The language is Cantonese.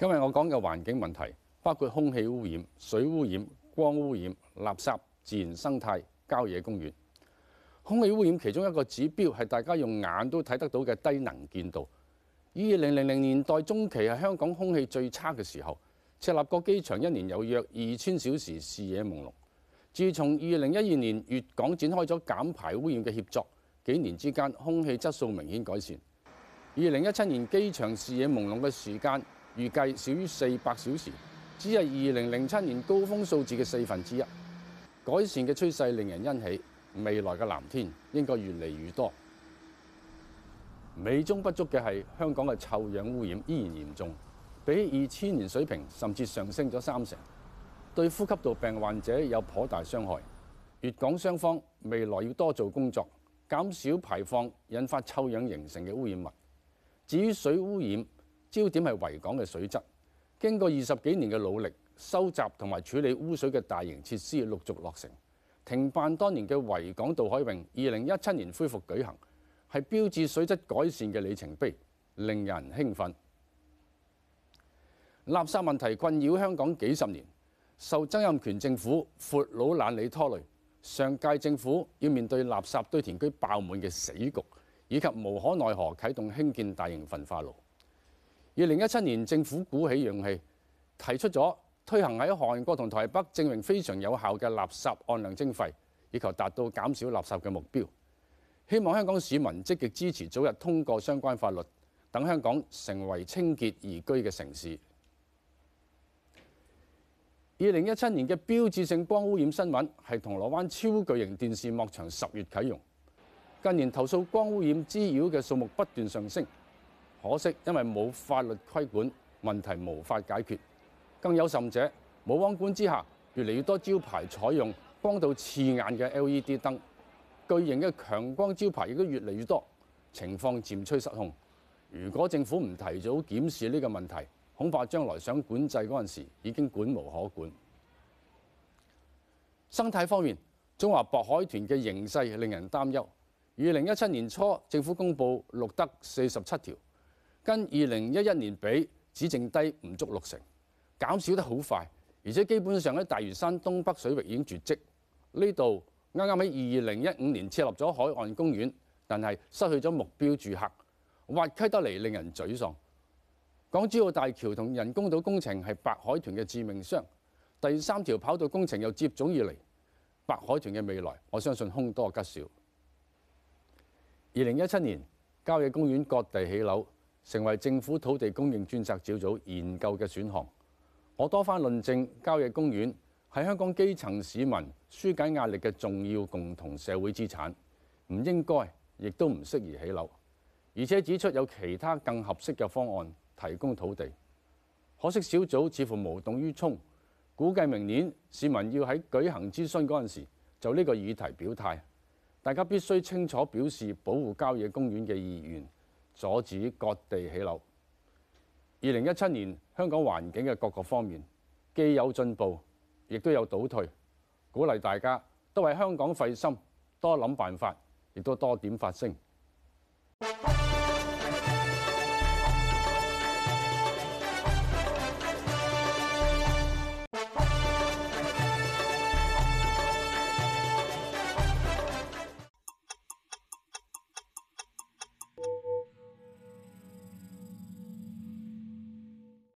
今日我講嘅環境問題，包括空氣污染、水污染、光污染、垃圾、自然生態、郊野公園。空氣污染其中一個指標係大家用眼都睇得到嘅低能見度。二零零零年代中期係香港空氣最差嘅時候，赤鱲角機場一年有約二千小時視野朦朧。自從二零一二年粵港展開咗減排污染嘅協作，幾年之間空氣質素明顯改善。二零一七年機場視野朦朧嘅時間，預計少於四百小時，只係二零零七年高峰數字嘅四分之一。改善嘅趨勢令人欣喜，未來嘅藍天應該越嚟越多。美中不足嘅係香港嘅臭氧污染依然嚴重，比二千年水平甚至上升咗三成，對呼吸道病患者有頗大傷害。粵港雙方未來要多做工作，減少排放引發臭氧形成嘅污染物。至於水污染，焦點係維港嘅水質，經過二十幾年嘅努力，收集同埋處理污水嘅大型設施陸續落成。停辦當年嘅維港渡海泳，二零一七年恢復舉行，係標誌水質改善嘅里程碑，令人興奮。垃圾問題困擾香港幾十年，受曾蔭權政府闊佬懶理拖累，上屆政府要面對垃圾堆填區爆滿嘅死局，以及無可奈何啟動興建大型焚化爐。二零一七年政府鼓起勇氣提出咗推行喺韓國同台北證明非常有效嘅垃圾按量徵費，以求達到減少垃圾嘅目標。希望香港市民積極支持，早日通過相關法律，等香港成為清潔宜居嘅城市。二零一七年嘅標誌性光污染新聞係銅鑼灣超巨型電視幕牆十月啟用。近年投訴光污染滋擾嘅數目不斷上升。可惜，因為冇法律規管，問題無法解決。更有甚者，冇監管之下，越嚟越多招牌採用光度刺眼嘅 LED 燈，巨型嘅強光招牌亦都越嚟越多，情況漸趨失控。如果政府唔提早檢視呢個問題，恐怕將來想管制嗰陣時已經管無可管。生態方面，中華白海豚嘅形勢令人擔憂。二零一七年初，政府公佈錄得四十七條。跟二零一一年比，只剩低唔足六成，減少得好快，而且基本上喺大嶼山東北水域已經絕跡。呢度啱啱喺二零一五年設立咗海岸公園，但係失去咗目標住客，滑稽得嚟令人沮喪。港珠澳大橋同人工島工程係白海豚嘅致命傷，第三條跑道工程又接踵而嚟，白海豚嘅未來，我相信凶多吉少。二零一七年郊野公園割地起樓。成為政府土地供應專責小組研究嘅選項。我多番論證，郊野公園係香港基層市民疏解壓力嘅重要共同社會資產，唔應該，亦都唔適宜起樓，而且指出有其他更合適嘅方案提供土地。可惜小組似乎無動於衷，估計明年市民要喺舉行諮詢嗰陣時就呢個議題表態，大家必須清楚表示保護郊野公園嘅意願。阻止各地起樓。二零一七年香港環境嘅各個方面，既有進步，亦都有倒退。鼓勵大家都為香港費心，多諗辦法，亦都多點發聲。